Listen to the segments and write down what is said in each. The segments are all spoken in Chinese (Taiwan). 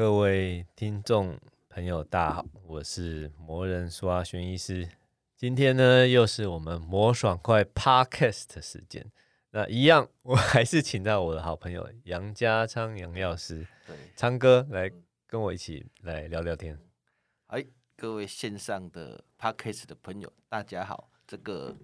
各位聽眾朋友，大家好，我是魔人蘇阿軒醫師。今天呢，又是我們魔爽快 Podcast 的時間。那一樣，我還是請到我的好朋友楊家昌楊藥師，對，昌哥來跟我一起來聊聊天。哎，各位線上的 Podcast 的朋友，大家好，這個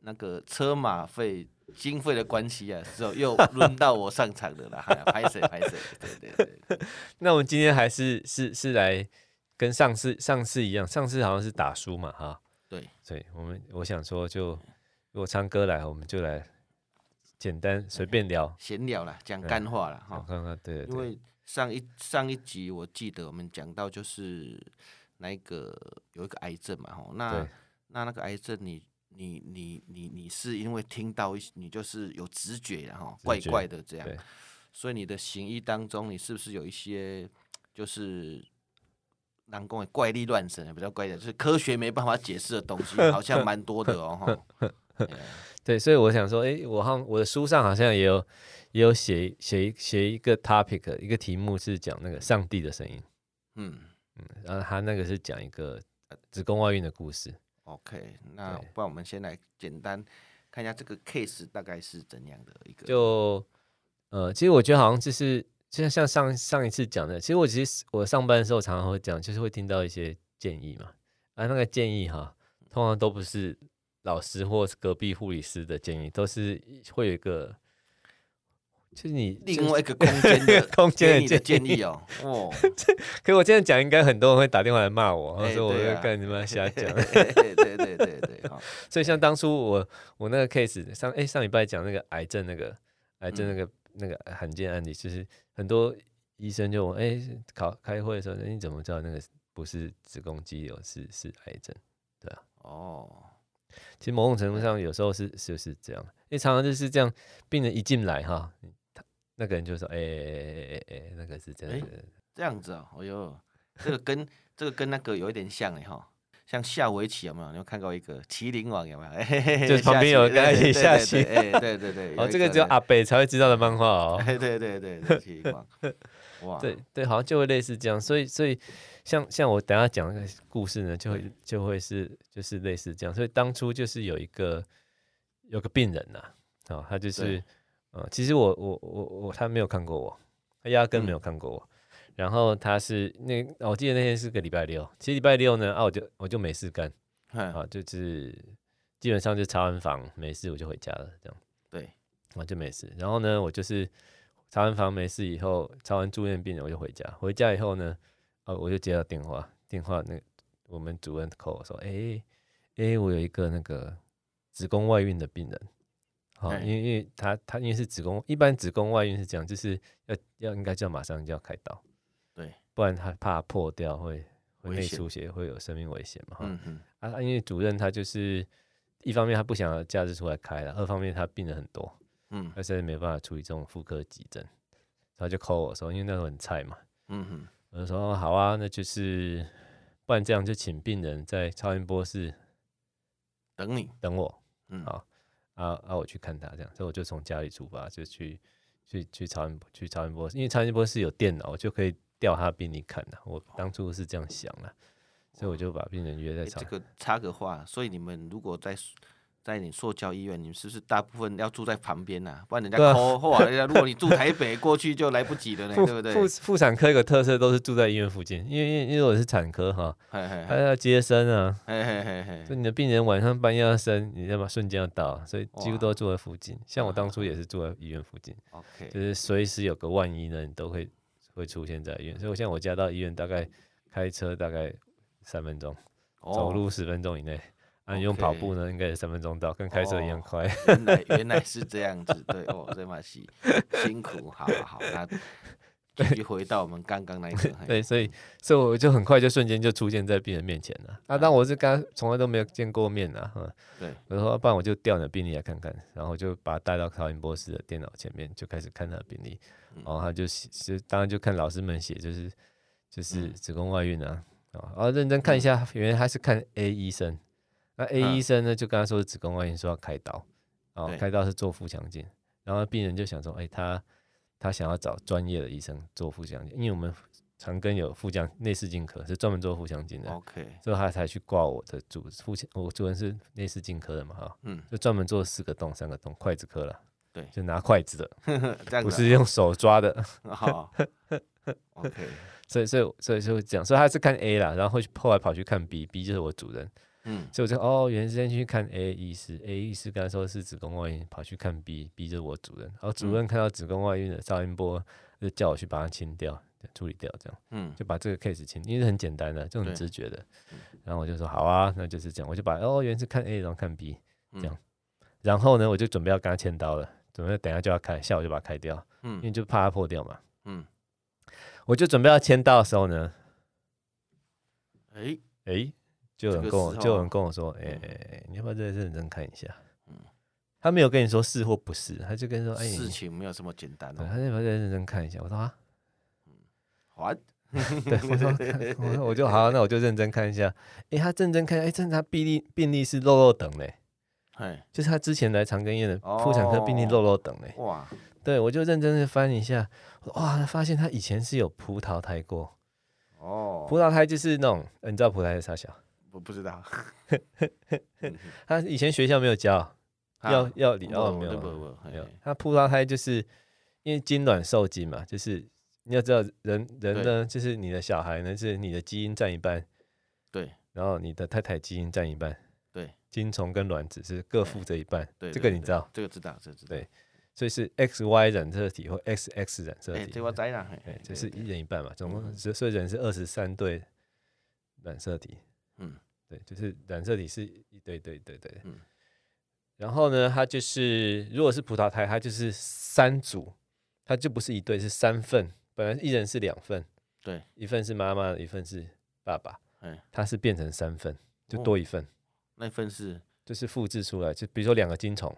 那個車馬費。經費的關係啊，時候又輪到我上場的啦，拍攝拍攝， 對對對、對。 那我們今天還是是是來跟上次上次一樣，上次好像是打輸嘛，哈。對，所以我們我想說就，就如果唱歌來，我們就來簡單隨便聊閒聊啦，講幹話啦，哈、嗯。對、對，因為上一上一集我記得我們講到就是那個有一個癌症嘛，哈。那對那那個癌症你。你你你你是因為聽到一些，你就是有直覺，然後怪怪的這樣，所以你的行醫當中，你是不是有一些就是難怪怪力亂神，比較怪的，就是科學沒辦法解釋的東西， 好像蠻多的、喔、 哦對。對，所以我想說，哎、欸，我好像，我的書上好像也有也有寫寫寫一個 topic，一個題目是講那個上帝的聲音。嗯嗯，然、啊、後他那個是講一個子宮外孕的故事。OK，那不然我們先來簡單看一下這個 case 大概是怎樣的一個？就呃，其實我覺得好像就是，就像像上上一次講的，其實我其實我上班的時候常常會講，就是會聽到一些建議嘛。啊，那個建議哈，通常都不是老師或隔壁護理師的建議，都是會有一個。就是你另外一個空間的 空間建你的建議哦，哦， 可是我這樣講，應該很多人會打電話來罵我，說、欸哦、我又幹什麼瞎講。對對對對，對對對對哦、 所以像當初我我那個 case 上，誒、欸，上禮拜講那個癌症，那個癌症那個、嗯、那個罕見案例，就是很多醫生就哎、欸、考開會的時候，你怎麼知道那個不是子宮肌瘤，是是癌症？對啊。哦，其實某種程度上有時候是就是，是這樣，因為常常就是這樣，病人一進來哈。哦那個人就說：“哎哎哎哎哎，那個是真的。”這樣子啊、喔，哎呦，這個跟這個跟那個有一點像哎哈， 像下圍棋有沒有？你有，有看過一個《棋靈王》有沒有？哎、欸，嘿嘿就旁邊有大家一起下棋。哎，對對對，哦、欸喔，這個只有阿北才會知道的漫畫哦、喔。 對，對對對對，《棋靈王》 哇，對對，好像就會類似這樣。所以所以像，像像我等下講那個故事呢，就會就會是就是類似這樣。所以當初就是有一個有一個病人吶、啊，哦、喔，他就是。啊、嗯，其實我我我我他沒有看過我，他壓根沒有看過我。嗯、然後他是那，我記得那天是個禮拜六。其實禮拜六呢，啊我就我就沒事幹，啊就，就是基本上就查完房沒事我就回家了，這樣。對，我、啊、就沒事。然後呢，我就是查完房沒事以後，查完住院病人我就回家。回家以後呢，啊我就接到電話，電話那個、我們主任 call 我說，哎哎我有一個那個子宮外孕的病人。因為因為他他因為是子宮，一般子宮外孕是這樣，就是要要應該就要馬上就要開刀，對，不然他怕破掉會,會內出血，會有生命危險嘛。嗯嗯。啊，因為主任他就是一方面他不想要假日出來開了，二方面他病人很多，嗯，他實在沒辦法處理這種婦科急症，所以他就 call 我說，因為那時候很菜嘛。嗯嗯。我就說好啊，那就是不然這樣就請病人在超音波室等你等我，等嗯好。啊啊！我去看他這樣，所以我就從家裡出發，就去去去超音波，去超音波，因為超音波是有電腦，我就可以調他給病歷看的。我當初是這樣想的，所以我就把病人約在超音波，欸。這個插個話，所以你們如果在。在你婦幼醫院，你是不是大部分要住在旁邊呢？啊？不然人家摳， 或啊人家如果你住台北， 過去就來不及了呢，對不對？婦婦產科有個特色都是住在醫院附近，因為因為因為我是產科哈，啊，還要接生啊嘿嘿嘿嘿，就你的病人晚上半夜要生，你知道嗎？瞬間要到，所以幾乎都住在附近。像我當初也是住在醫院附近，啊，就是隨時有個萬一呢，你都會會出現在醫院。所以像我家到醫院大概開車大概三分鐘，走路十分鐘以內。哦啊，用跑步呢，okay, 應該也三分鐘到，跟開車一樣快。哦、原來原來是這樣子， 對哦，這麼辛辛苦，好好，那繼續回到我們剛剛那一次。對，所以所以我就很快就瞬間就出現在病人面前了。啊，啊但我是剛從來都沒有見過面的、嗯。對，我說，不然我就調你的病例來看看，然後就把他帶到考云博士的電腦前面，就開始看他的病歷、嗯。然後他就是，當然就看老師們寫、就是，就是就是子宮外孕啊，啊、嗯，然後認真看一下、嗯，原來他是看 A 醫生。那 A、啊、醫生呢？就跟他說子宮外孕，說要開刀，哦，開刀是做腹腔鏡。然後病人就想說，哎、欸，他他想要找專業的醫生做腹腔鏡，因為我們長庚有腹腔內視鏡科，是專門做腹腔鏡的。OK，所以他才去掛我的主腹，我主任是內視鏡科的嘛，哈、哦嗯，就專門做四個洞、三個洞，筷子科了。就拿筷子的 子、啊，不是用手抓的。 好、啊、 ，OK。所以，所以，所以就講，所以他是看 A 啦，然後後來跑去看 B，B 就是我主任。嗯，所以我就哦，原先去看 A 醫師，A 醫師剛說是子宮外孕，跑去看 B，B 就是我主任。然後主任看到子宮外孕的超音波，就叫我去把它清掉、處理掉，這樣。嗯，就把這個 case 清，因為很簡單的，就很直覺的、嗯。然後我就說好啊，那就是這樣，我就把哦，原來是看 A，然後看 B，這樣。嗯、然後呢，我就準備要跟他簽刀了，準備等下就要開，下午就把它開掉。嗯。因為就怕它破掉嘛嗯。嗯。我就準備要簽刀的時候呢，誒、欸、誒。欸就有人跟我，這個、就有人跟我說：“哎、欸嗯，你要不要再認真看一下？”嗯，他沒有跟你說是或不是，他就跟你說：“哎、欸，事情沒有這麼簡單、哦。對”他要不要再認真看一下？我說、啊：“嗯， 好。”對我說：“我說我就好，那我就認真看一下。欸”哎，他認真看，哎、欸，真的，他病歷病歷是漏漏等嘞，哎，就是他之前來長庚醫院的婦產科病歷漏漏等嘞。哦、哇，對我就認真的翻一下，哇，發現他以前是有葡萄胎過。哦，葡萄胎就是那種、欸、你知道葡萄胎的大小。我不知道， 他以前學校沒有教，要要理哦，沒有沒有沒有。他剖拉他胎就是因為精卵受精嘛，就是你要知道人人呢，就是你的小孩呢、就是你的基因佔一半，對，然後你的太太基因佔一半，對，精蟲跟卵子是各負責一半，對，對對對這個你知道，這個、知道？這個知道，這知對，所以是 X Y 染色體或 X X 染色體。這哎，這、欸這是一人一半嘛，總共所以人是二十三對染色體，嗯。嗯對，就是染色體是一對，對對對對，嗯。然後呢，它就是如果是葡萄胎，它就是三組，它就不是一對，是三份。本來一人是兩份，對，一份是媽媽，一份是爸爸，哎，它是變成三份，就多一份。那一份是就是複製出來，就比如說兩個精蟲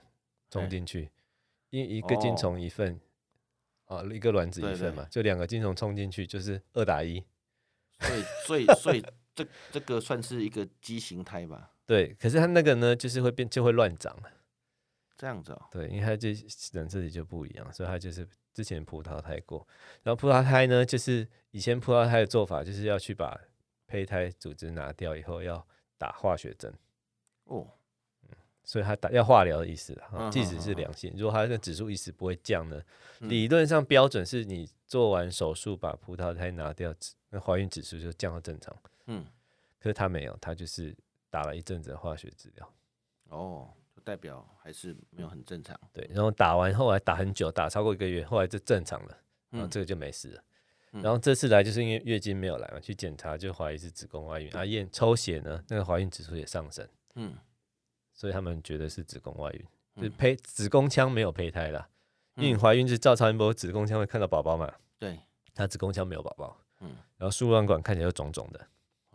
衝進去，因為、哎、一個精蟲一份，哦、啊，一個卵子一份嘛，對對就兩個精蟲衝進去就是二打一。所以所以所以。所以 這這個算是一個畸形胎吧？對，可是他那個呢，就是會變，就會亂長這樣子哦。對，因為他就人這裡就不一樣，所以他就是之前葡萄胎過。然後葡萄胎呢，就是以前葡萄胎的做法，就是要去把胚胎組織拿掉以後，要打化學針。哦，嗯，所以他打要化療的意思哈、啊嗯，即使是良性，嗯、如果他的指數一直不會降呢、嗯，理論上標準是你做完手術把葡萄胎拿掉，那懷孕指數就降到正常。嗯，可是他沒有，他就是打了一陣子的化學治療，哦，就代表還是沒有很正常。對，然後打完後來打很久，打超過一個月，後來就正常了，然後這個就沒事了。嗯嗯、然後這次來就是因為月經沒有來嘛，去檢查就懷疑是子宮外孕，啊，驗抽血呢，那個懷孕指數也上升，嗯，所以他們覺得是子宮外孕，就胚、是嗯、子宮腔沒有胚胎啦，因為你懷孕就是照超音波子宮腔會看到寶寶嘛、嗯寶寶，對，他子宮腔沒有寶寶，嗯，然後輸卵管看起來又腫腫的。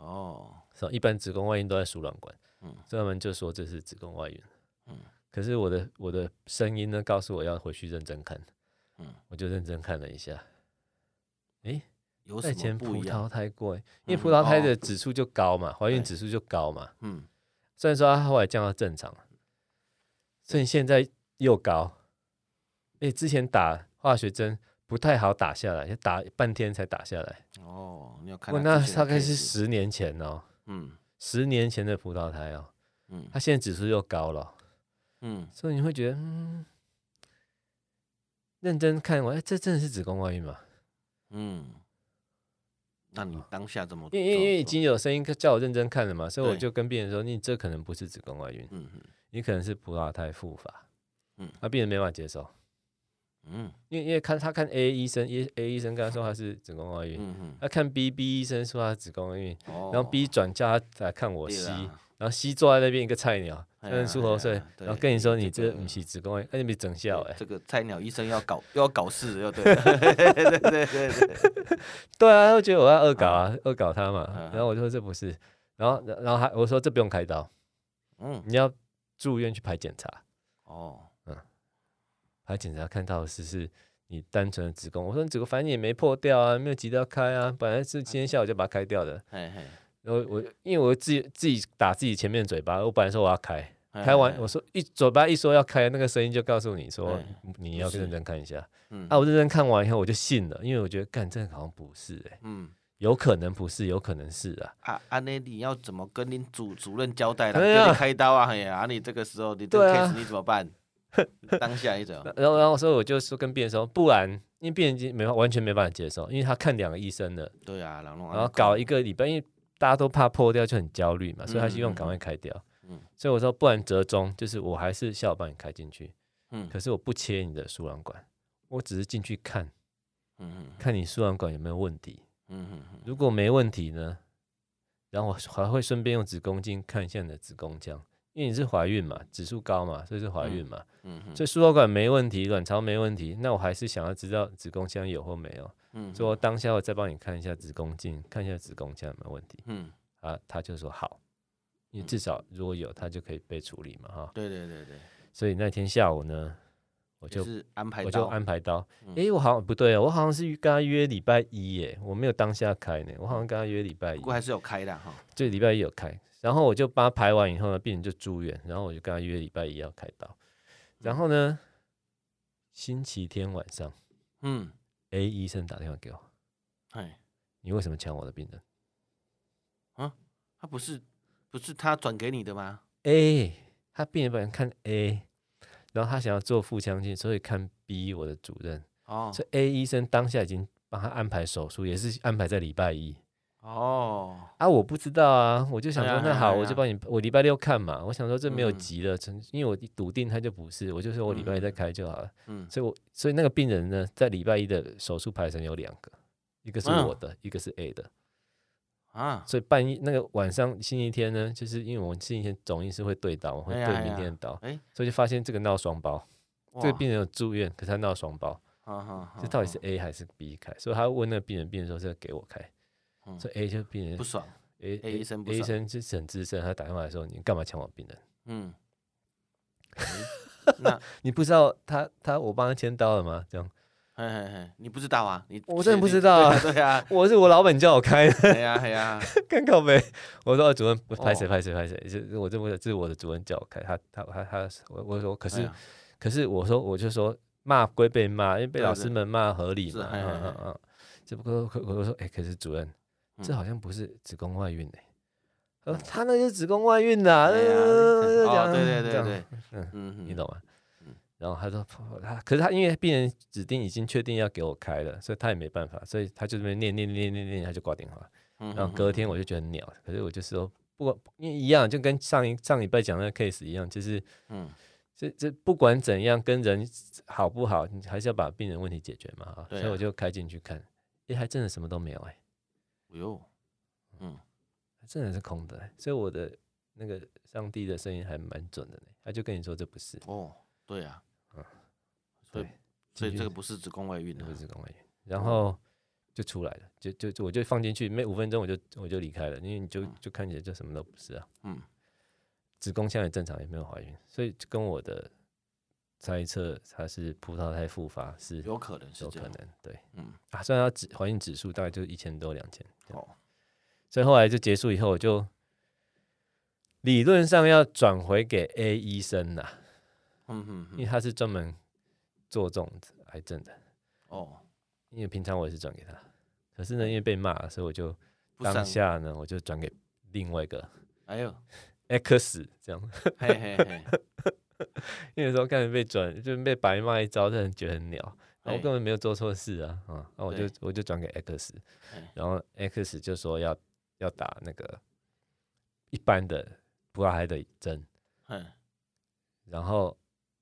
哦，是，一般子宮外孕都在輸卵管、嗯，所以他們就說，這是子宮外孕、嗯，可是我的我的聲音呢，告訴我要回去認真看、嗯，我就認真看了一下，哎、欸，以前葡萄胎過、欸，因為葡萄胎的指數就高嘛，懷孕指數就高嘛，嗯、哦嘛，雖然說、啊、後來降到正常，所以現在又高，因、欸、之前打化學針。不太好打下來，要打半天才打下來。哦，你要看。不過那大概是十年前哦，嗯，十年前的葡萄胎哦，嗯，它現在指數又高了、哦，嗯，所以你會覺得，嗯，認真看我，哎、欸，這真的是子宮外孕嗎？嗯，那你當下怎麼做？因為因為已經有聲音叫我認真看了嘛，所以我就跟病人說，你這可能不是子宮外孕，嗯，你可能是葡萄胎復發，嗯，那、啊、病人沒辦法接受。嗯，因為因為看他看 A 醫生 A,，A 醫生跟他說他是子宮外孕，他、嗯啊、看 B B 醫生說他是子宮外孕，哦，然後 B 轉叫他來看我 C，然後 C 坐在那邊一個菜鳥，三、哎、十出頭歲、哎，然後跟你說你、這個這個、你這不是子宮，那、啊、你別整笑哎，這個菜鳥醫生要搞又要搞事對， 對對對對對， 對啊，他覺得我要惡搞啊，惡、啊、搞他嘛，然後我就說這不是，然後然後還我說這不用開刀，嗯，你要住院去排檢查哦。來檢查看到的是，是你單純的子宮。我說子宮，反正也沒破掉啊，沒有急着要開啊。本來是今天下午就把它開掉的。然後我，因為我自己自己打自己前面嘴巴，我本來說我要開，開完我說一嘴巴一說要開，那個聲音就告訴你說你要去認真看一下。嗯。啊，我認真看完以後我就信了，因為我覺得幹這好像不是、欸、有可能不是，有可能是啊。啊對啊！那你要怎麼跟您主主任交代？給你開刀啊！哎呀，啊你這個時候你這個 case 你怎麼辦？ 當下一種，然後然後所以我就說跟病人說，不然，因為病人已經沒法完全沒辦法接受，因為他看兩個醫生了，對啊然，然後搞一個禮拜，因為大家都怕破掉就很焦慮嘛，所以他希望趕快開掉嗯嗯。嗯，所以我說不然折中，就是我還是下午幫你開進去，嗯，可是我不切你的輸卵管，我只是進去看，嗯看你輸卵管有沒有問題，嗯,嗯,嗯如果沒問題呢，然後我還會順便用子宮鏡看一下你的子宮這樣。因為你是懷孕嘛，指數高嘛，所以是懷孕嘛，嗯，嗯嗯，所以輸卵管沒問題，卵巢沒問題，那我還是想要知道子宮腔有或沒有，嗯，說當下我再幫你看一下子宮鏡，看一下子宮腔有沒有問題，嗯，啊，他就說好，因為至少如果有，他就可以被處理嘛，哈、嗯哦，對對對對，所以那天下午呢。我就是安排，我就安排刀。哎、嗯欸，我好像不對，我好像是跟他約禮拜一耶，我沒有當下開呢。我好像跟他約禮拜一，嗯、不過還是有開的哈。這禮拜一有開，嗯、然後我就把他排完以後呢，病人就住院，然後我就跟他約禮拜一要開刀。然後呢，嗯、星期天晚上，嗯，A 醫生打電話給我，哎，你為什麼搶我的病人？啊，他不是，不是他轉給你的嗎？A，他病人本來看 A。然後他想要做腹腔鏡，所以看 B 我的主任哦，oh. 所以 A 醫生當下已經幫他安排手術，也是安排在禮拜一哦、oh. 啊，我不知道啊，我就想說、哎、那好、哎，我就幫你，我禮拜六看嘛。我想說這沒有急的、嗯，因為，我一篤定他就不是，我就說我禮拜一再開就好了。嗯，所以我所以那個病人呢，在禮拜一的手術排程有兩個，一個是我的，嗯、一個是 A 的。啊！所以半夜那個晚上星期天呢，就是因為我們星期天總醫師會對刀，我們會對明天的刀、哎哎，所以就發現這個鬧雙胞。這個病人有住院，可是他鬧雙胞，哈，這到底是 A 還是 B 開、啊啊啊？所以他問那個病人，病人說是要給我開、嗯，所以 A 就病人不爽，A 醫 A, 生 A，醫生就是很資深，他打電話來說，你幹嘛搶我病人？嗯，嗯那 你不知道他他我幫他簽刀了嗎？這樣。嗯，你不知道啊？你，你我真的不知道啊？對啊，對啊， 我是我老闆叫我開的。哎呀哎呀，尷尬、啊、沒。我說主任拍謝拍謝拍謝，這我這我這是我的主任叫我開，他他他他我我說可是、哎、可是我說我就說罵歸被罵，因為被老師們罵合理嘛。對對對嗯嗯嗯，只不過我我說哎、欸，可是主任，這好像不是子宮外孕呃、欸嗯啊，他那是子宮外孕吶、啊啊哦。對對對對，對，嗯嗯，你懂嗎？然後他說他，可是他因為病人指定已經確定要給我開了，所以他也沒辦法，所以他就那邊念念念念念，他就掛電話。嗯哼哼，然後隔天我就覺得很鳥，可是我就說不管，因為一樣，就跟上一上禮拜講的那個 case 一樣，就是嗯，這這不管怎樣，跟人好不好，你還是要把病人問題解決嘛。啊啊、所以我就開進去看，哎，還真的什麼都沒有哎、欸。喲，嗯，真的是空的、欸。所以我的那個上帝的聲音還蠻準的呢、欸，他就跟你說這不是。哦，對啊。對，所以這個不是子宮外孕啊，不是子宮外孕，然後就出來了，就就我就放進去沒五分鐘，我就我就離開了，因為你就就看起來就什麼都不是啊。嗯，子宮現在正常，也沒有懷孕，所以就跟我的猜測，它是葡萄胎復發是有可能，有可能是有可能，對，嗯啊，雖然它指懷孕指數大概就一千多、兩千，哦，所以後來就結束以後，我就理論上要轉回給 A 醫生啦，嗯哼哼，因為他是專門。做這種癌症的哦，因為平常我也是轉給他，可是呢，因為被罵，所以我就當下呢，我就轉給另外一個，哎呦，X 這樣， 嘿嘿嘿， 因為說剛才被轉，就是被白罵一招，讓人覺得很鳥，然後我根本沒有做錯事啊，啊、嗯，那我就我就轉給 X，然後 X 就說要要打那個一般的不布還的針，嗯，然後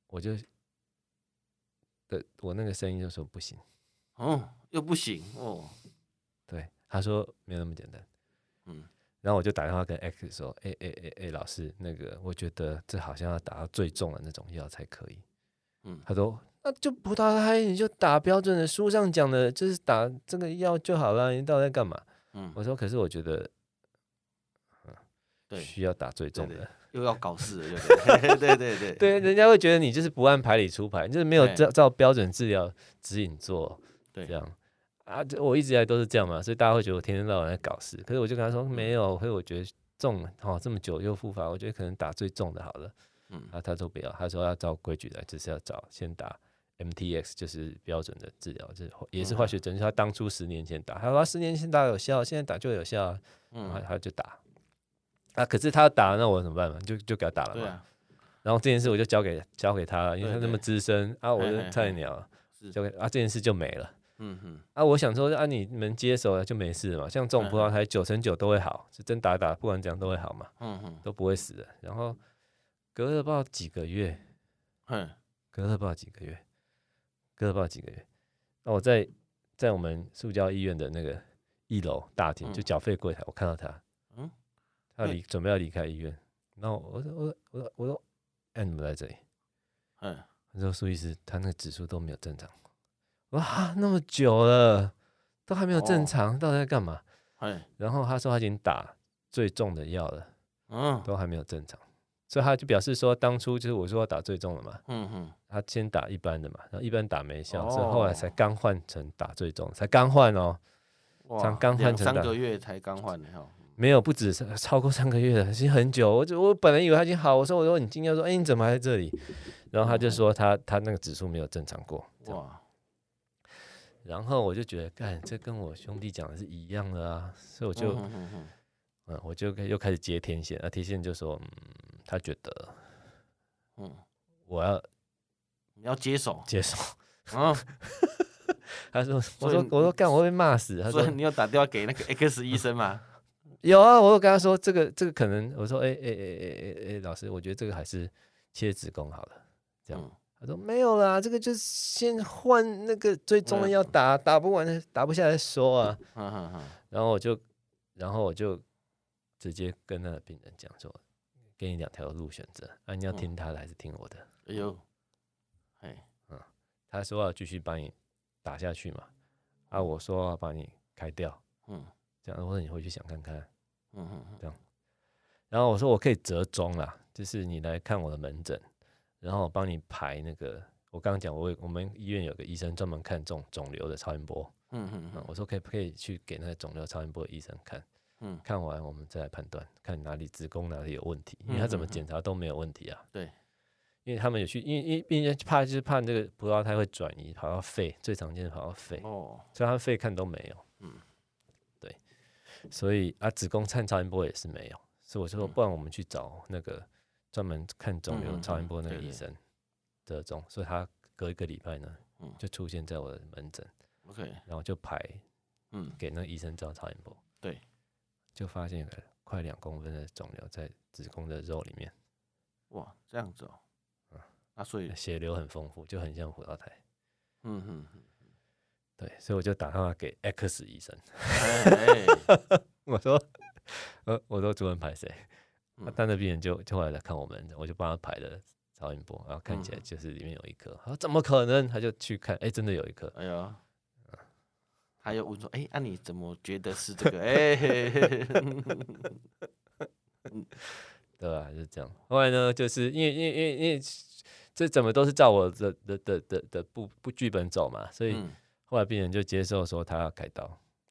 我就。對，我那個聲音就說不行，哦，又不行哦。對，他說沒有那麼簡單，嗯，然後我就打電話跟 X 說，哎哎哎哎，老師，那個我覺得這好像要打到最重的那種藥才可以，嗯，他說那、啊、就不大嗨，你就打標準的書上講的，就是打這個藥就好了，你到底在幹嘛？嗯，我說可是我覺得、嗯，對，需要打最重的。對對又要搞事了，又對？ 對對對，對，對，人家會覺得你就是不按牌理出牌，你就是沒有照照標準治療指引做，這樣對啊，就我一直以來都是這樣嘛，所以大家會覺得我天天到晚在搞事。可是我就跟他說，沒有、嗯，所以我覺得重了、哦、這麼久又復發，我覺得可能打最重的好了。嗯，啊，他說不要，他說要照規矩來，就是要找先打 MTX，就是標準的治療，就是也是化學針。嗯，就是、他當初十年前打，他說他十年前打有效，現在打就有效，然後嗯，他就打。啊！可是他打了，那我怎麼辦嘛？就就給他打了嘛、啊。然後這件事我就交給交給他了，因為他那麼資深對對啊，我是菜鳥，交給啊，這件事就沒了。嗯哼。啊，我想說，啊，你們接手了就沒事了嘛。像這種葡萄胎、嗯，九成九都會好，是真打打，不管怎樣都會好嘛。嗯、都不會死的。然後隔了不知道幾個月、嗯，隔了不知道幾個月，隔了不知道幾個月，那、啊、我在在我們塑膠醫院的那個一樓大廳就繳費櫃台，嗯、我看到他。要離準備要離開醫院，嗯、然後我我我我說，哎，你們、欸、來這裡？嗯，他說蘇醫師，他那個指數都沒有正常。哇，那麼久了都還沒有正常，哦、到底在幹嘛？哎，然後他說他已經打最重的藥了，嗯，都還沒有正常，所以他就表示說，當初就是我說要打最重了嘛，嗯哼、嗯，他先打一般的嘛，然後一般打沒效，之、哦、後來才剛換成打最重，才剛換哦，哇，剛換成三個月才剛換的沒有不止超過三個月了，已經很久。我就我本來以為他已經好，我說我說你今天說，哎、欸、你怎麼還在這裡？然後他就說他他那個指數沒有正常過。哇！然後我就覺得，干這跟我兄弟講的是一樣的啊，所以我就，嗯,哼哼哼嗯我就又開始接天線那、啊、天線就說，嗯他覺得，嗯我要你要接手接手，然、嗯、後 他說我說我說幹我,我會被罵死。他說你要打電話給那個 X 醫生嗎？ 有啊，我有跟他說這個這個可能，我說哎哎哎哎哎哎，老師，我覺得這個還是切子宮好了，這樣。嗯、他說沒有啦，這個就是先換那個，最終要，要打、嗯、打不完的打不下來說啊、嗯哈哈。然後我就，然後我就直接跟那個病人講說，給你兩條路選擇，那、啊、你要聽他的還是聽我的？嗯、哎呦、哎，呦、嗯、他說要繼續幫你打下去嘛，啊，我說要幫你開掉，嗯。這樣，或者你回去想看看，嗯嗯，這樣。然後我說我可以折中啦，就是你來看我的門診，然後我幫你排那個。我剛剛講，我我們醫院有個醫生專門看腫腫瘤的超音波，嗯嗯嗯。我說可不可以去給那個腫瘤超音波的醫生看？嗯，看完我們再來判斷，看哪裡子宮哪裡有問題，因為他怎麼檢查都沒有問題啊，嗯哼哼。對，因為他們有去，因為因病人怕就是怕這個葡萄胎會轉移跑到肺，最常見的跑到肺，哦，所以他們肺看都沒有。所以啊，子宮看超音波也是沒有，所以我就說，不然我們去找那個專門看腫瘤的超音波那個醫生的種、嗯嗯、所以他隔一個禮拜呢，嗯，就出現在我的門診，OK，然後就排，嗯，給那個醫生照超音波，嗯，對，就發現一個快兩公分的腫瘤在子宮的肉裡面，哇，這樣子哦，嗯、啊，所以血流很豐富，就很像葡萄胎，嗯嗯嗯。對，所以我就打電話給 X 醫生，嘿嘿 我說，呃，我說主任排誰？那邊人就就過來，看我們，我就幫他排了超音波，然後看起來就是裡面有一顆、嗯，他說怎麼可能？他就去看，哎、欸，真的有一顆。哎呀、嗯，還有我說，哎、欸，那、啊、你怎麼覺得是這個？哎、 欸， 對啊，是這樣。後來呢，就是因為因為因為因為這怎麼都是照我的的的的的不不劇本走嘛，所以。嗯後來病人就接受說他要開刀，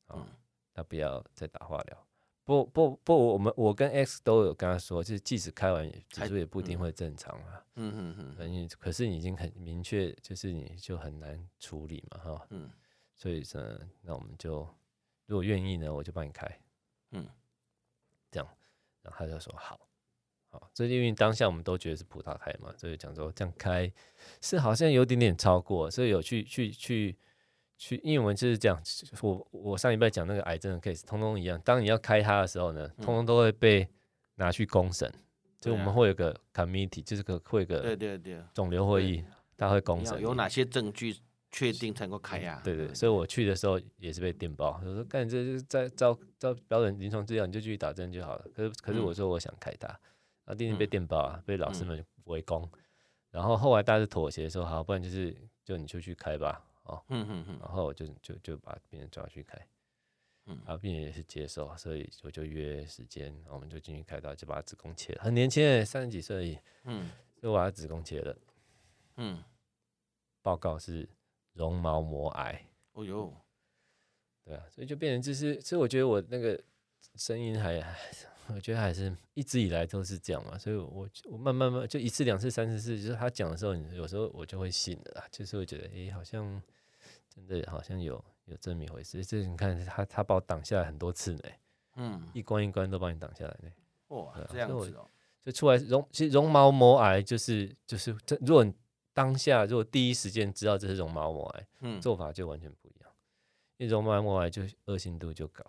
嗯，哦、他不要再打化療，不不不，我們我跟 X 都有跟他說，就是即使開完，其實也不一定會正常啊，嗯嗯嗯，嗯你，可是你已經很明確，就是你就很難處理嘛，哈、哦，嗯，所以呢、呃，那我們就如果願意呢，我就幫你開，嗯，這樣，然後他就說好，好、哦，所以因為當下我們都覺得是葡萄胎嘛，所以講說這樣開是好像有點點超過，所以有去去去。去去，因為我們就是這樣。我我上禮拜講那個癌症的 case，通通一樣。當你要開它的時候呢，通通都會被拿去公審、嗯。就我們會有個 committee，、嗯、就是會有個會個對對對腫瘤會議，它會公審。有哪些證據確定才能夠開呀、啊？對，對對，所以我去的時候也是被電爆、嗯。我說幹，這就是在照照標準臨床資料，你就繼續打針就好了。可是可是我說我想開它，然後一定，定被電爆啊、嗯，被老師們圍攻、嗯嗯。然後後來大家妥協說，好，不然就是就你出去開吧。哦、嗯嗯嗯，然後我就就就把病人抓去開，嗯，然、啊、後病人也是接受，所以我就約時間，我們就進去開刀，就把子宮切了。很年輕、欸，三十幾歲而已、嗯，就把他子宮切了，嗯，報告是絨毛膜癌。哦呦，對啊，所以就變成就是，所以我覺得我那個聲音還，我覺得還是一直以來都是這樣嘛，所以我我慢慢慢，慢就一次兩次三次四次，就是他講的時候，你有時候我就會信了，就是會覺得，哎，好像。真的好像有有這麼一回事，這你看他他把我擋下來很多次呢，嗯，一關一關都幫你擋下來呢，哇、哦啊，這樣子哦，所以就出來絨其實絨毛膜癌就是就是，這如果當下如果第一時間知道這是絨毛膜癌，嗯，做法就完全不一樣，因為絨毛膜癌就惡性度就高，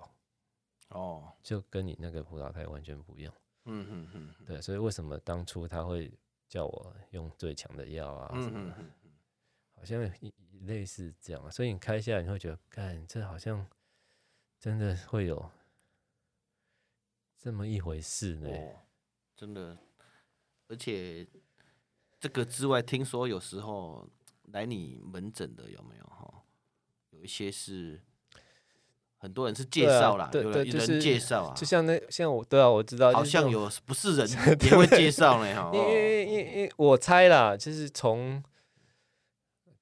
哦，就跟你那個葡萄胎完全不一樣，嗯嗯嗯，對，所以為什麼當初他會叫我用最強的藥啊什麼的，嗯嗯。好像類似這樣啊，所以你開下來你會覺得，看這好像真的會有這麼一回事呢、哦。真的，而且這個之外，聽說有時候來你門診的有沒有哈？有一些是很多人是介紹啦、啊，有人介紹啊、就是，就像那像我，對啊，我知道，好像有、就是、不是人也會介紹呢。哈。 因為因為因為我猜啦，就是從。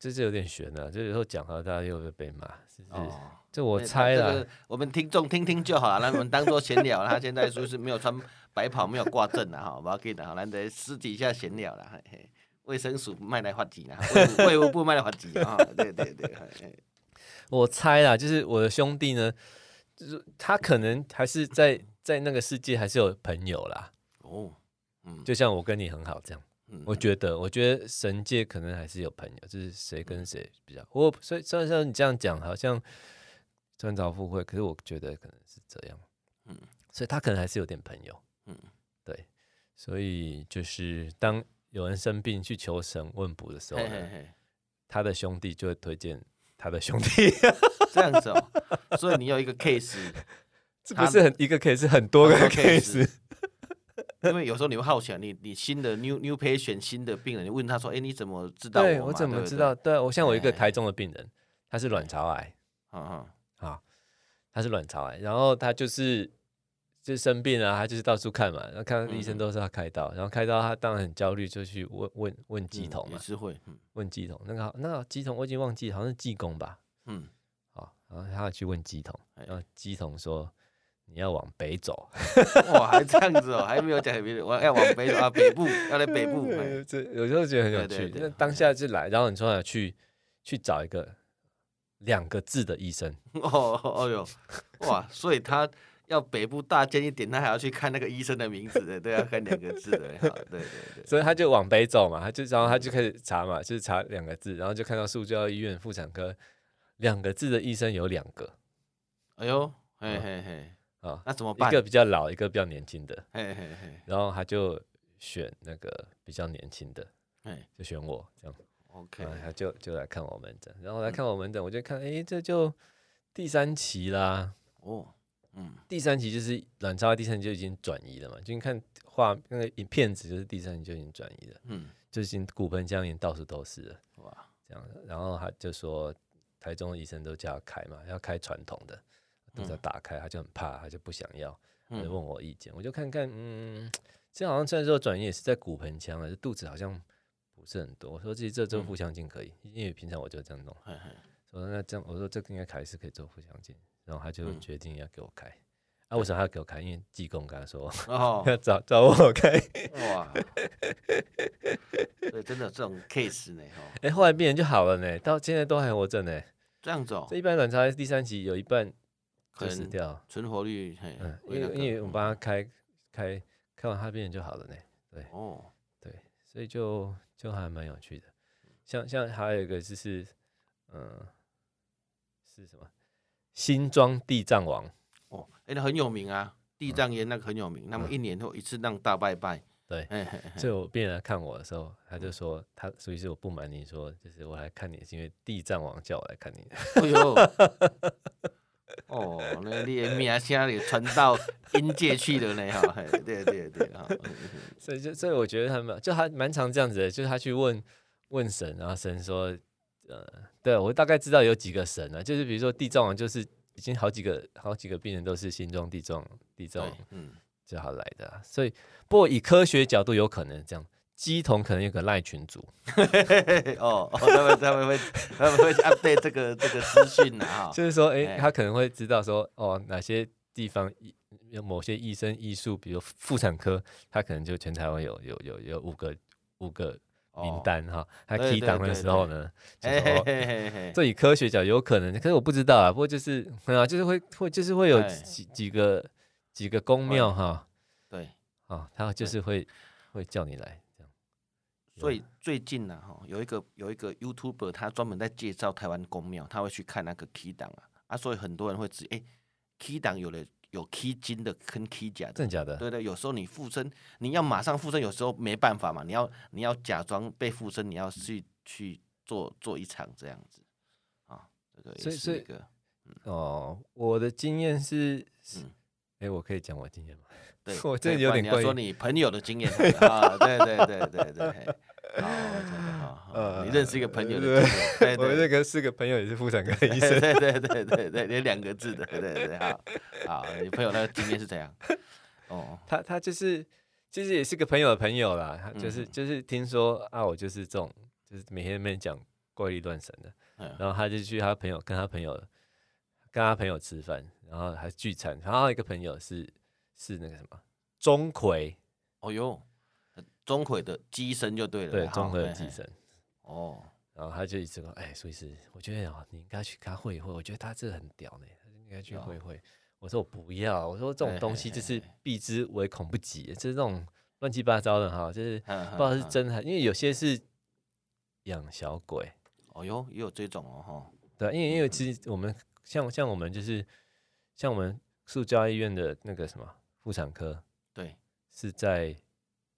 這是有點玄了，啊、就是有時候講話，大家又會被罵。哦，這我猜啦。我們聽眾聽聽就好了，那我們當做閒聊。 他現在就是，是沒有穿白袍，沒有掛證了哈，啊我們得啊，不要緊的哈，咱在私底下閒聊了。衛生署賣來發吉啦，啊，衛福部賣來發吉啊。對對對，我猜啦，就是我的兄弟呢，他可能還是在在那個世界還是有朋友啦。哦，嗯，就像我跟你很好這樣。嗯，我覺得，我覺得神界可能還是有朋友，就是誰跟誰比較。我所以雖然說你這樣講，好像穿鑿附會，可是我覺得可能是這樣。嗯，所以他可能還是有點朋友。嗯，對，所以就是當有人生病去求神問卜的時候，嘿嘿嘿，他的兄弟就會推薦他的兄弟。 這樣子哦，所以你有一個 case，這 不是很一個 case，很多個 case。 因為有時候你會好奇，啊，你你新的 new new patient 新的病人，你問他說：“哎，你怎麼知道我？”對，我怎麼知道？對，對，對我像我一個台中的病人，他是卵巢癌，啊、嗯、啊、嗯、他是卵巢癌，然後他就是就生病了，他就是到處看嘛，然後看到醫生都是要開刀，嗯，然後開刀他當然很焦慮，就去問問問乩童嘛，嗯嗯、問乩童，那個好那個乩童我已經忘記，好像是濟公吧，嗯，好，然後他要去問乩童，然後乩童說。你要往北走，我 還這樣子哦，還沒有講， 我要往北走啊，北部要在北部，有時候覺得很有趣。那當下就來，嗯、然後你出來去去找一個兩個字的醫生哦，哦、哎、喲，哇，所以他要北部大間一點，他還要去看那個醫生的名字， 對，要看兩個字的，好對，對對對。所以他就往北走嘛，他就然後他就開始查嘛，嗯，就是查兩個字，然後就看到樹膠醫院婦產科兩個字的醫生有兩個，哎呦，嘿嘿嘿。啊、哦，那怎麼辦？一個比較老，一個比較年輕的，hey, hey, hey. 然後他就選那個比較年輕的，hey. 就選我這樣，OK，他就就來看我門診，然後來看我門診、嗯，我就看，哎、欸，這就第三期啦，哦，嗯，第三期就是卵巢的第三期就已經轉移了嘛，就你看畫那個片子就是第三期就已經轉移了，嗯，就已經骨盆腔已經到處都是了，哇，這樣的，然後他就說，台中的醫生都叫他開嘛，要開傳統的。在、嗯、打開，他就很怕，他就不想要，就問我意見、嗯，我就看看，嗯，這好像雖然說轉移也是在骨盆腔了，這肚子好像不是很多。我說，其實這做腹腔鏡可以、嗯，因為平常我就這樣弄。我說那這樣，我說這個應該 case 可以做腹腔鏡，然後他就決定要給我開。嗯、啊，為什麼還要給我開？因為濟公剛說哦，要 找找我開。哇， 對，真的這種 case 呢，哎、哦欸，後來病人就好了呢，到現在都還活着呢。這樣走，這一般卵巢癌第三期有一半，死掉，存活率嗯，因為、那個、因為我們幫他開開開完他病人就好了呢，對，哦，對，所以就就還蠻有趣的，像像還有一個就是，嗯，是什麼？新莊地藏王哦，哎、欸，那很有名啊，地藏庵那個很有名、嗯，那麼一年後一次讓大拜拜，嗯、對嘿嘿嘿，所以病人來看我的時候，他就說他，所以是我不瞞你說，就是我來看你是因為地藏王叫我來看你。哎 哦，那你的名聲也傳到陰界去的那哈、 哦，對對對哈。所以就所以我覺得他們就他蠻常這樣子的，就是他去問問神，然後神說，呃，對我大概知道有幾個神了、啊，就是比如說地藏王，就是已經好幾個好幾個病人都是心中地藏地藏，嗯，就好來的。嗯、所以不過以科學角度，有可能這樣。基同可能有個賴群組、， 哦，哦，他們他們會 他們會 update 這個 這個資訊啊，哈、哦，就是說，誒、欸欸，他可能會知道說，哦，哪些地方有某些醫生醫術，比如婦產科，他可能就全台灣有有有有五個五個名單哈、哦哦，他提檔的時候呢，這、欸、以科學講有可能，可是我不知道啊，不過就是、嗯、啊，就是會會就是會有幾幾個幾個宮廟哈，對，啊、嗯哦哦，他就是會會叫你來。所以最近呢，哈，有一個有一個 YouTuber，他專門在介紹台灣宮廟，他會去看那個 K 級檔啊，啊，所以很多人會指，哎，K 級檔有的有 K 金的跟 K 甲的，真假的，對對，有時候你附身，你要馬上附身，有時候沒辦法嘛，你要你要假裝被附身，你要去去做做一場這樣子，啊，這個也是一個，嗯，哦，我的經驗是，嗯，哎，我可以講我經驗嗎？對，我這有點要說你朋友的經驗 啊，對對對對對，哦，真的啊，你認識一個朋友的經驗，呃，對對對，我這個四個朋友也是婦產科醫生，對對對對 對，對，對，對，對，連兩個字的，對對，對好，好，你朋友那個經驗是怎樣？哦，他他就是，其實也是個朋友的朋友啦，他就是，嗯、就是聽說啊，我就是這種，就是每天每天講怪力亂神的，然後他就去他朋友，嗯、跟他朋友跟他朋友吃飯，然後還聚餐，然後一個朋友是。是那個什麼鍾馗，哦喲，鍾馗的機身就對了，對，鍾馗的機身嘿嘿。哦，然後他就一直說，哎、欸，蘇醫師，我覺得哦，你應該去跟他會一會，我覺得他這個很屌呢、欸，應該去會一會、哦。我說我不要，我說這種東西就是避之唯恐不及，嘿嘿嘿就是這種亂七八糟的哈，就是呵呵呵不知道是真的，因為有些是養小鬼，哦喲，也有這種哦，對，因為因為其實我們像像我們就是像我們塑膠醫院的那個什麼。婦產科對，是在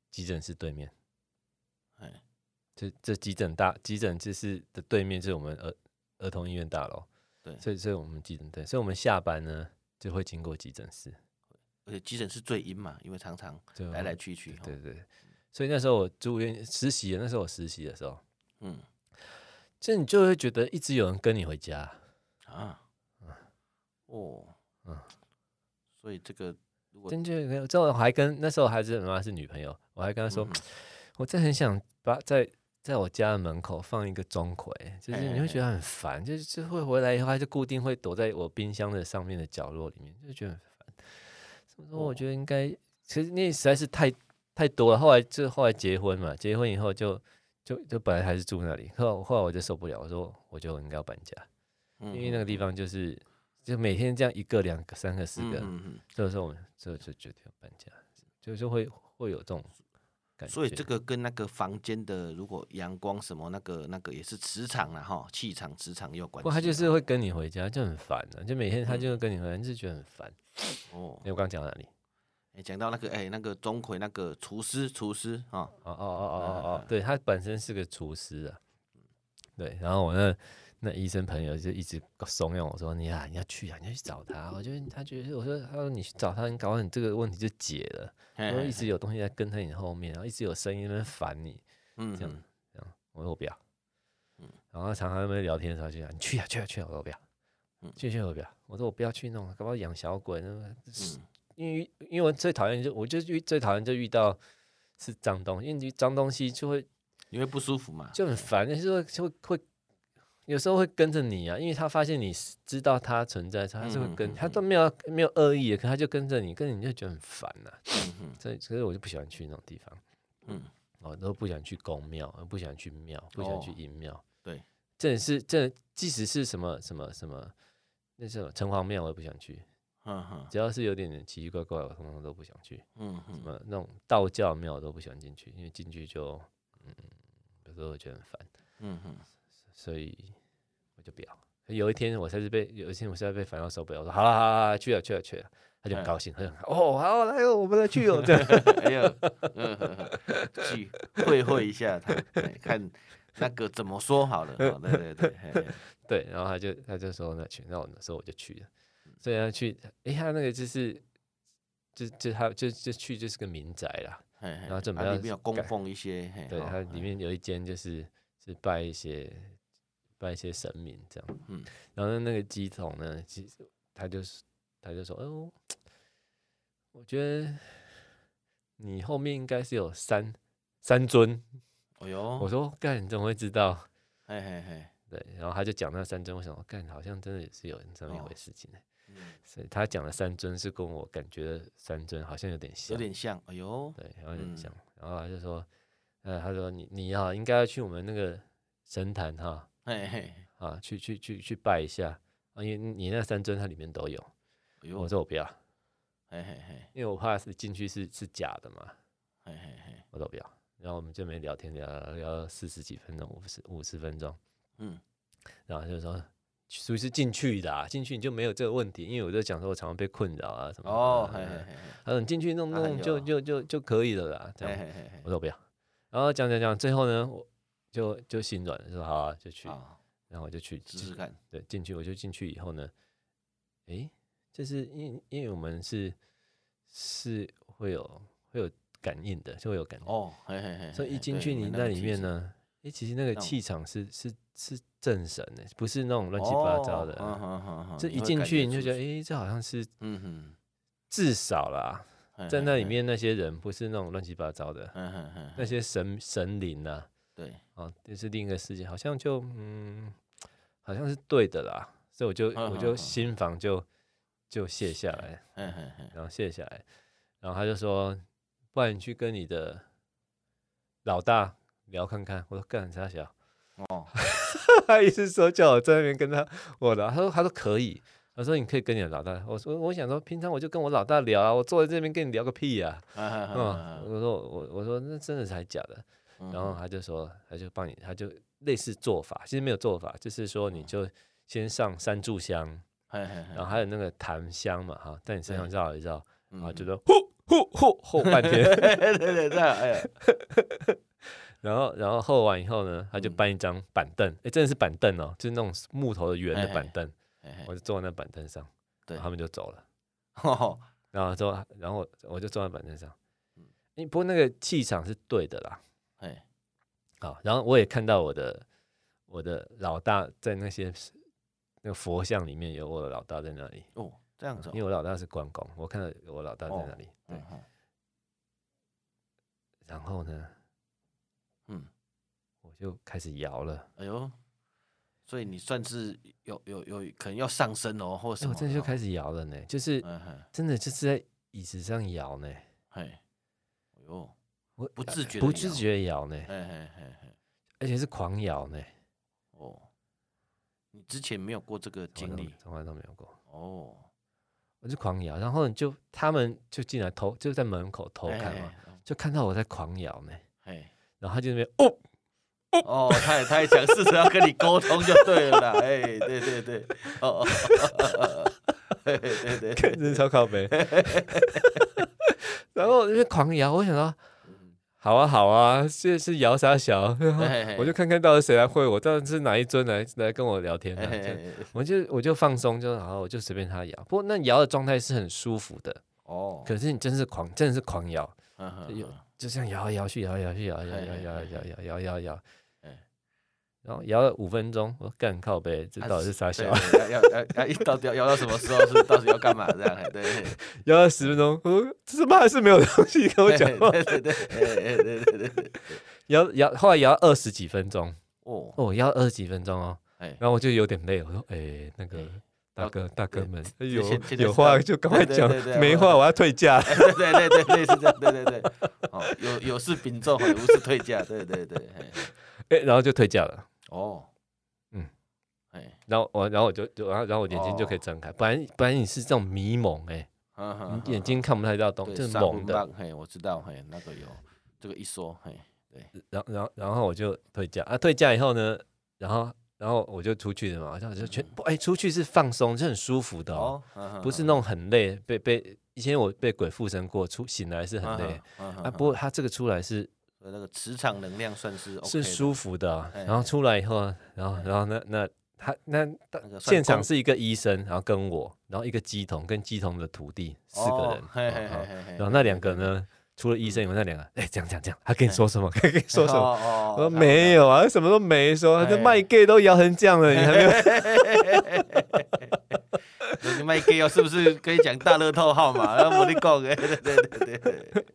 急診室對面。哎，這這急診大急診室的對面就是我們兒兒童醫院大樓。對，所以所以我們急診，對，所以我們下班呢就會經過急診室，而且急診室最陰嘛，因為常常來來去去。對，對對，所以那時候我住院實習，那時候我實習的時候，嗯，這你就會覺得一直有人跟你回家啊，嗯啊，哦，嗯，所以這個。真就沒有，之後還跟那時候我孩子媽是女朋友，我還跟她說，嗯、我真的很想把在在我家的門口放一個鍾馗，就是你會覺得很煩，就就會回來以後就固定會躲在我冰箱的上面的角落裡面，就覺得很煩。所以說，我覺得應該、哦、其實那實在是太太多了。後來就後來結婚嘛，結婚以後就就就本來還是住那裡，後後來我就受不了，我說我覺得我應該要搬家、嗯，因為那個地方就是。就每天這樣一個、兩個、三個、四個，嗯哼哼，這個時候我們這個、就決定搬家，就是會會有這種感覺。所以這個跟那個房間的如果陽光什麼那個那個也是磁場啊哈氣場磁場也有關、啊。不，他就是會跟你回家就很煩的、啊，就每天他就會跟你回家，就覺得很煩。哦，我剛講到哪裡？哎、欸，講到那個哎、欸、那個鍾馗那個廚師廚師啊、哦，哦哦哦哦哦哦、啊，對他本身是個廚師啊，嗯、對，然後我那。那醫生朋友就一直慫恿我說：“你呀、啊，你要去呀、啊，你要去找他。”我就他覺得我說：“他說你去找他，你搞，你這個問題就解了。嘿嘿嘿”他說：“一直有東西在跟在你後面，然後一直有聲音在煩你。”嗯，這樣這樣，我說我不要。嗯，然後常常在那邊聊天的時候就想、啊：“你去呀、啊，去呀、啊，去、啊！”呀，我不要，嗯，去去、啊、我不要。我說我不要去弄，搞不好養小鬼那、就是。嗯，因為因為我最討厭就我就遇最討厭就遇到是髒東西，因為髒東西就會因為不舒服嘛，就很煩，就是就會就會。會有時候會跟着你啊，因為他發現你知道他存在，他就會跟嗯哼嗯哼，他都沒有沒有惡意的，可他就跟着你，跟着你就覺得很煩吶、啊嗯。所以，所以我就不喜歡去那種地方。嗯，我、哦、都不想去宮廟，我不想去廟，不想去陰廟、哦。對，這也是這，即使是什麼什麼什麼，那是什麼城隍廟，我也不想去。嗯，只要是有點點奇奇怪怪，我通常都不想去。嗯，什麼那種道教廟，我都不喜歡進去，因為進去就，嗯，有時候我覺得很煩。嗯，所以。不有一天我才是被，有一天我才是被反到收表。我說好了，好了好好好，去了，去了，去了，他就很高興，他說哦好來哦，我們來去哦對、 哎，去會會一下，他， 看那個怎麼說好了。 哦、對對對嘿嘿對，然後他就他就說那去，那我那時候我就去了。所以要去，哎他那個就是，就就他就就去就是個民宅啦。嘿嘿然後怎麼樣？裡面要供奉一些，對，他裡面有一間就是是拜一些。拜一些神明這樣，嗯，然後那個雞桶呢，雞，他就是，他就說，哎呦，我覺得你後面應該是有三三尊，哎、哦、呦，我說幹，你怎麼會知道？嘿嘿嘿，對，然後他就講那三尊，我想說幹，好像真的也是有這麼一回事情，哦嗯，所以他講的三尊是跟我感覺的三尊好像有點像，有點像，哎呦，對，有點像，嗯，然後他就說，呃，他說你你要應該要去我們那個神壇哈。嘿嘿，啊，去去去去拜一下，啊，因為你那三尊它裡面都有，我說我不要，嘿嘿，嘿，因為我怕是進去是是假的嘛，哎嘿，嘿嘿，我說不要。然後我們這邊聊天聊聊四十幾分鐘，五十五十分鐘，嗯，然後就說，屬於是進去的、啊，進去你就沒有這個問題，因為我在講說我常常被困擾啊什麼的，哦，哎嘿，嘿，嘿，他說你進去弄弄就就就就可以了啦，這樣，嘿嘿嘿，我說不要。然後講講講，最後呢，就就心軟了，吧、啊？好就去。然後我就去試試看。對，進去我就進去以後呢，哎、欸，就是因為因為我們是是會有會有感應的，就會有感應的哦嘿嘿嘿。所以一進去你那裡面呢，哎、欸，其實那個氣場是是是正神的、欸，不是那種亂七八糟的、啊哦。這一進去你就覺得，哎、欸，這好像是嗯哼，至少啦，在那裡面那些人不是那種亂七八糟的，嘿嘿嘿那些神神靈啊。對，哦，這是另一個世界，好像就嗯，好像是對的啦，所以我就呵呵呵，我就心防就就卸下來嘿嘿嘿，然後卸下來，然後他就說，不然你去跟你的老大聊看看。我說幹啥小？哦， 他意思說叫我在那邊跟他我的，他說他說可以，他說你可以跟你的老大。我說我想說，平常我就跟我老大聊啊，我坐在這邊跟你聊個屁呀，啊。嗯，我說我我說那真的是還假的？然後他就說，他就幫你，他就類似做法，其實沒有做法，就是說你就先上三炷香，嘿嘿嘿然後還有那個檀香嘛，哈，在你身上繞一繞，嗯、然後覺得呼呼呼後半天， 對對對，哎 然，然後然後完以後呢，他就搬一張板凳，哎、嗯，真的是板凳哦，就是那種木頭的圓的板凳，嘿嘿嘿我就坐在那板凳上，對他們就走了，哦、然後就，然後我就坐在板凳上，你、嗯欸、不過那個氣場是對的啦。好，然後我也看到我的我的老大在那些那個佛像裡面，有我的老大在那裡哦，這樣子，嗯，因為我老大是關公，我看到我老大在那裡，哦，對。然後呢，嗯，我就開始搖了，哎呦，所以你算是有有有可能要上身哦，或是，哎，我真的就開始搖了呢，就是，啊，真的就是在椅子上搖呢，哎，哎呦。不自覺，不自覺搖呢嘿嘿嘿，而且是狂搖呢。哦，你之前沒有過這個經歷，從來都、都沒有過。哦，我是狂搖，然後就他們就進來偷，就在門口偷看嘛嘿嘿，就看到我在狂搖呢。然後他就那邊哦哦、哦，他也太強，試 着要跟你溝通就對了啦。哎、 欸，對對對，哦，對對對，人超靠北。然後那邊狂搖，我想說。好啊，好啊，好啊，這是搖啥小？ 我就看看到底誰來會我，到底是哪一尊來一尊來跟我聊天，啊？ 我就我就放鬆，就好我就隨便他搖。不過那搖的狀態是很舒服的，oh. 可是你真是狂，真的是狂搖， 就有就像搖來搖去咬咬，搖來搖去咬咬，搖搖搖搖搖搖搖搖搖。然後搖了五分鐘，我說幹靠北，這到底是啥小，啊？要要要，到底搖到什麼時候是？是到底要幹嘛？這樣，對，對,對，搖 了十分鐘，我說怎麼還是沒有東西跟我講嘛。對對對、欸、對，對對，搖 搖，後來搖二十幾分鐘，哦哦，搖二十幾分鐘哦。哎、欸，然後我就有點累，我說哎、欸，那個、欸、大哥大哥們，哦、有有話就趕快講，沒話我要退駕。對對對，對，對類似，啊欸， 這樣，對對對。哦，有有事秉重，無事退駕。對對對。誒、欸，然後就退駕了。哦，嗯，哎、欸，然後我，然後我就，就然後然後我眼睛就可以睜開。哦，本來本來你是這種迷濛、欸，誒、啊，你眼睛看不太到東、啊，就是蒙的。嘿，我知道，嘿，那個有這個一說，嘿，對。然後然後然後我就退駕啊，退駕以後呢，然後然後我就出去了嘛，然後就全、部、嗯，哎、欸，出去是放鬆，是很舒服的哦，啊啊啊，不是那種很累。啊、被被以前我被鬼附身過，出醒來是很累。啊，啊啊啊不過它這個出來是，那個磁場能量算是、OK、的是舒服的，然後出來以後，然後然後那那他那現場是一個醫生，然後跟我，然後一個乩童跟乩童的徒弟四個人，哦哦、嘿嘿嘿然後那兩個呢嘿嘿嘿，除了醫生，以外，那兩個，哎、欸，這樣這樣這樣，他跟你說什麼？嘿嘿跟你說什麼嘿嘿嘿嘿嘿？我說沒有啊，嘿嘿嘿嘿嘿什麼都沒說，他說這麥給都搖成這樣了，你還沒有。麥給要是不是可以講大樂透號碼？然後我你講，對對對對。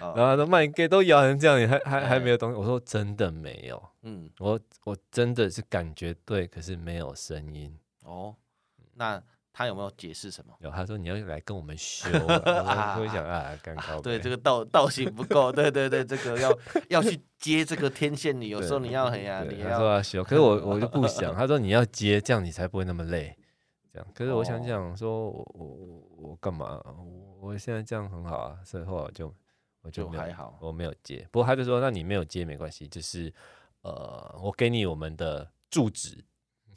然後他說麥給 都搖成這樣，你還還還沒有東西？我說真的沒有。嗯，我我真的是感覺對，可是沒有聲音。哦，那他有沒有解釋什麼？有，他說你要來跟我們修。 他說 我不會想啊，剛 剛對，這個道道行不夠。 對對對，這個要要去接這個天線裡，你有時候你要很啊，你要說要、啊、修。 可是我我就不想， 他說你要接，這樣你才不會那麼累。可是我想想說，我我我我幹嘛啊？我現在這樣很好啊，所以後來我就我就還好，我沒有接。不過他就說，那你沒有接沒關係，就是呃，我給你我們的住址，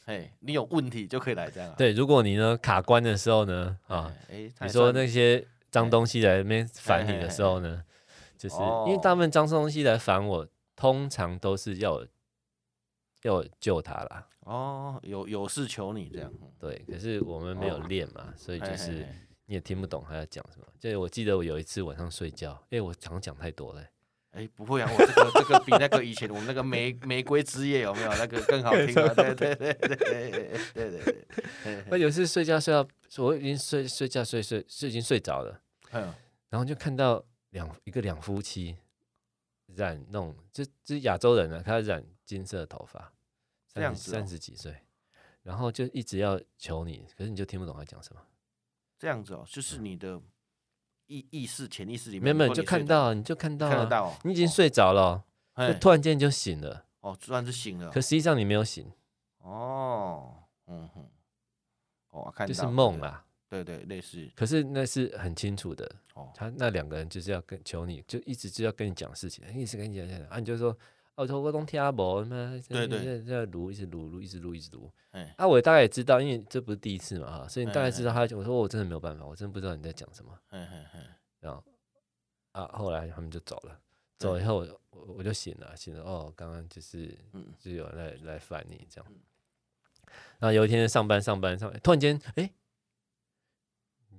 嘿，你有問題就可以來這樣。對，如果你呢卡關的時候呢啊，你說那些髒東西來那邊煩你的時候呢，就是因為大部分髒東西來煩我，通常都是要要救他啦。哦，有有事求你這樣、嗯，對，可是我們沒有練嘛、哦，所以就是你也聽不懂他要講什麼嘿嘿嘿。就我記得我有一次晚上睡覺，因為我常講太多了、欸。哎、欸，不會啊，我這個這個比那個以前我們那個玫《玫 玫瑰之夜》有沒有那個更好聽啊？對對對對對對對對。我有一次睡覺睡到，我已經睡睡覺睡睡睡已經睡着了、哎，然後就看到兩一個兩夫妻染那種，這是亞洲人啊，他染金色頭髮。30, 30這樣子，三十幾歲，然後就一直要求你，可是你就聽不懂他講什麼。這樣子哦，就是你的意、嗯、意識、潛意識裡面，沒有就看到，你到就，看到，你就看，到看到了，你已經睡着了，哦、就突然間就醒了，哦，突然就醒了，可實際上你沒有醒。哦，嗯哼，我、哦啊、看就是夢啦、啊。對對，類似，可是那是很清楚的。哦，他那兩個人就是要跟求你，就一直就要跟你講事情，一直跟你講講講，啊，你就說。哦、啊，我說我都聽不懂，什麼在在在錄，一直錄，錄一直錄，一直錄。哎，啊、我大概也知道，因為這不是第一次嘛，啊，所以你大概知道他嘿嘿。我說我真的沒有辦法，我真的不知道你在講什麼。嗯嗯嗯。然後啊，後來他們就走了，走了以後我我就醒了，醒了哦，剛剛就是就是、有人來、嗯、來煩你這樣。然後有一天上班上班上班，突然間哎、欸，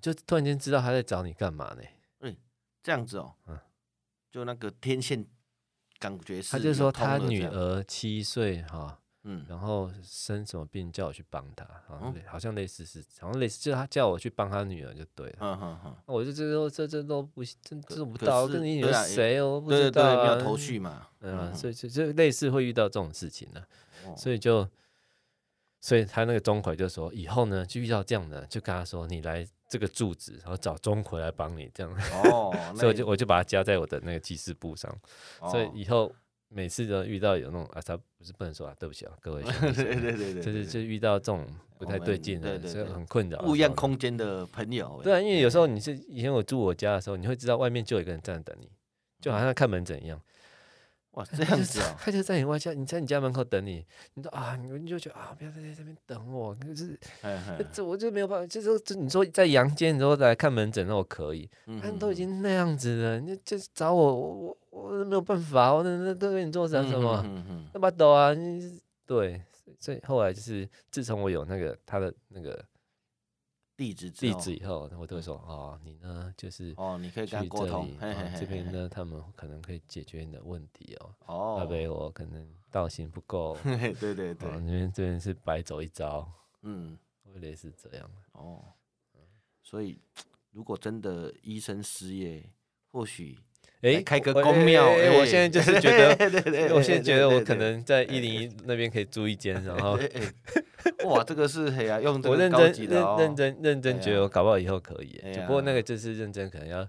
就突然間知道他在找你幹嘛呢？嗯、欸，這樣子哦，嗯，就那個天線。感覺是，他就是說他女兒七歲哈，嗯，然後生什麼病叫我去幫他，好像類似是，好像類似就他叫我去幫他女兒就對了，我就這都這這都不真做不到，跟你女兒誰哦，不知道比、啊、較、啊欸、沒有頭緒嘛，嗯，啊、所以就就類似會遇到這種事情呢、啊，所以就，所以他那個鍾馗就說以後呢，就遇到這樣的，就跟他說你來。這個柱子，然後找鍾馗來幫你這樣，哦、那 所以我就我就把它加在我的那個記事簿上、哦。所以以後每次都遇到有那種啊，他不是不能說啊，對不起啊，各位兄弟兄弟， 對，對，對對對對，就是就遇到這種不太對勁的，所以很困擾。不一樣空間的朋友、欸，對啊，因為有時候你是以前我住我家的時候，你會知道外面就有一個人站在等你，就好像看門診一樣。嗯嗯哇，這樣子啊、哦！他就在你外家，你在你家門口等你，你說啊，你你就覺得啊，不要在這邊等我，可是，這我就沒有辦法。就是，就你說在陽間，你說來看門診那我可以，他都已經那樣子了，嗯、你就是找我，我我，我都沒有辦法，我那那都給你做成、啊、什麼，那麼抖啊！你對，所以後來就是，自從我有那個他的那個，地址地址以後，我都會說、嗯、哦，你呢就是去哦，你可以跟過這裡嘿嘿嘿，這邊呢，他們可能可以解決你的問題哦。哦，代表我可能道行不夠，嘿嘿對對對，因為這邊是白走一遭，嗯，類似這樣的哦、嗯。所以，如果真的醫生失業，或許。哎、欸，開個宮廟、欸欸，我現在就是覺得、欸欸欸欸欸，我現在覺得我可能在一零一那邊可以租一間、欸欸欸，然後、欸欸，哇， 這個是哎呀，用這個高級的，我認真、認認真、認真覺得我搞不好以後可以，只、欸啊、不過那個這是認真，可能要要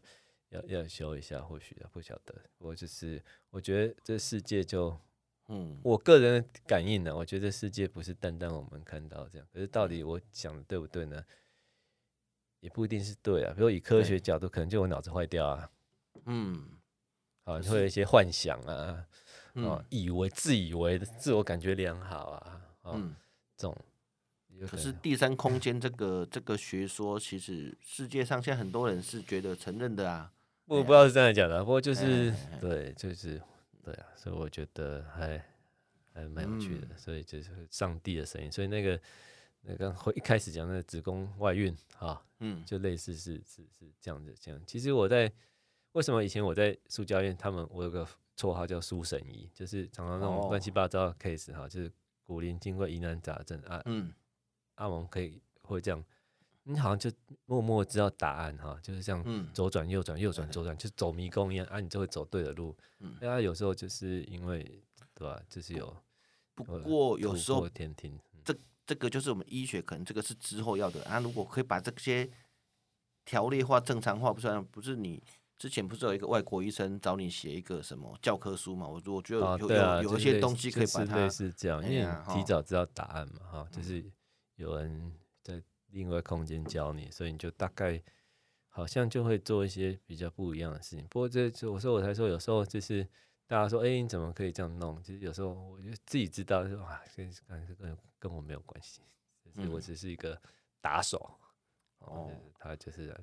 要，要修一下，或許啊，不曉得。我就就是我覺得這世界就，嗯，我個人的感應呢、啊，我覺得世界不是單單我們看到這樣，可是到底我想的對不對呢？也不一定是對啊，比如以科學角度，欸、可能就我腦子壞掉啊，嗯。啊，你會有一些幻想啊，嗯、啊，以為自以為自我感覺良好啊，啊，嗯、這種可。可是第三空間這個這個學說，其實世界上現在很多人是覺得承認的啊。我不知道是這樣講的、哎，不過就是、哎、對，就是對啊，所以我覺得還還蠻有趣的、嗯。所以就是上帝的聲音，所以那個那個會一開始講那個子宮外孕啊，嗯，就類似是是是這樣子這樣。其實我在。為什麼以前我在蘇家院，他們我有個綽號叫“蘇神醫”，就是常常那種亂七八糟的 case、哦、哈，就是古靈精怪疑難雜症啊。嗯，阿、啊、王可以會這樣，你、嗯、好像就默默知道答案哈，就是像轉轉轉左轉右轉右轉左轉，就走迷宮一樣啊，你就會走對的路。嗯，那、啊、有時候就是因為對吧、啊，就是有、嗯。不過有時候天庭，嗯、這這個就是我們醫學可能這個是之後要的啊。如果可以把這些條例化、正常化，不是不是你。之前不是有一個外國醫生找你寫一個什麼教科書嘛？我我覺得有啊，對啊有，有一些東西可以把它，就是、對是這樣，因為你提早知道答案嘛，哈、哎哦，就是有人在另外空間教你、嗯，所以你就大概好像就會做一些比較不一樣的事情。不過這我說我才說，有時候就是大家說，哎、欸，你怎麼可以這樣弄？其、就、實、是、有時候我就自己知道，哇，啊，跟跟跟跟我沒有關係，就是、我只是一個打手，嗯、哦，就是、他就是來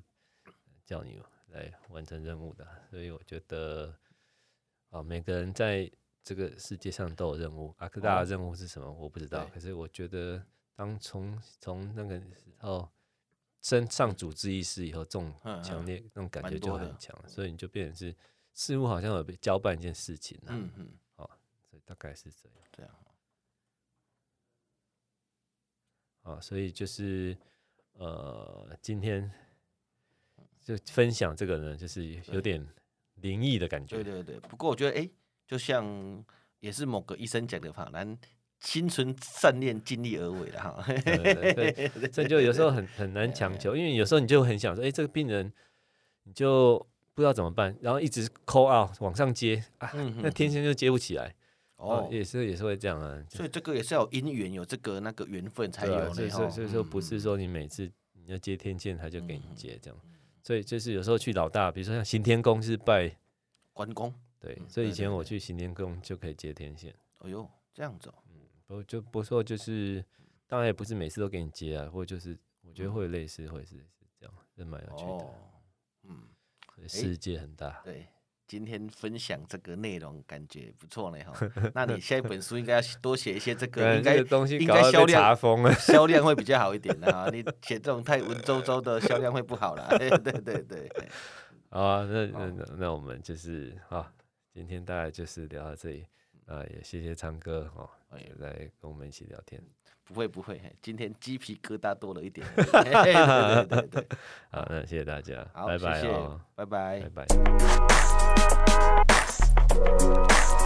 叫你嘛。來完成任務的，所以我覺得，啊、呃，每個人在這個世界上都有任務。阿克大任務是什麼？我不知道、嗯。可是我覺得，當從從那個時候升上主治醫師以後，這種強烈、嗯嗯、那種感覺就很強，嗯、所以你就變成是似乎好像有被交辦一件事情嗯嗯。哦，所以大概是這樣。對啊。啊，所以就是呃，今天。就分享這個呢，就是有點靈異的感覺。對，對對對，不過我覺得，哎、欸，就像也是某個醫生講的話，然心存善念，盡力而為的哈 對對對。對，所以就有時候很很難強求，因為有時候你就很想說，哎、欸，這個病人你就不知道怎麼辦，然後一直 call out 往上接啊、嗯，那天線就接不起來。哦，哦也是也是會這樣啊。所以這個也是要有因緣，有這個那個緣分才有。所以所以，所以說，不是說你每次你要接天線，嗯、他就給你接這樣。所以就是有時候去老大，比如說像行天宮是拜關公，對、嗯，所以以前我去行天宮就可以接天線。哎、嗯、呦，這樣子嗯，不就不錯，就、就是當然也不是每次都給你接啊，或者就是我覺得會有類似會是是這樣，嗯、這蠻有趣的，哦、嗯，世界很大，欸、對。今天分享這個內容感覺不錯呢。 那你下一本書應該要多寫一些這個，應該東西搞到查封了，銷量會比較好一點啊， 你寫這種太文縐縐的銷量會不好啦。 對對對，好啊，那那那我們就是好，今天大概就是聊到這裡。啊、呃，也謝謝昌哥。哦，也來跟我們一起聊天。嗯、不會不會，今天雞皮疙瘩多了一點。 嘿嘿對，對對對對，好，那謝謝大家，好拜拜哦，拜拜拜拜。拜拜拜拜。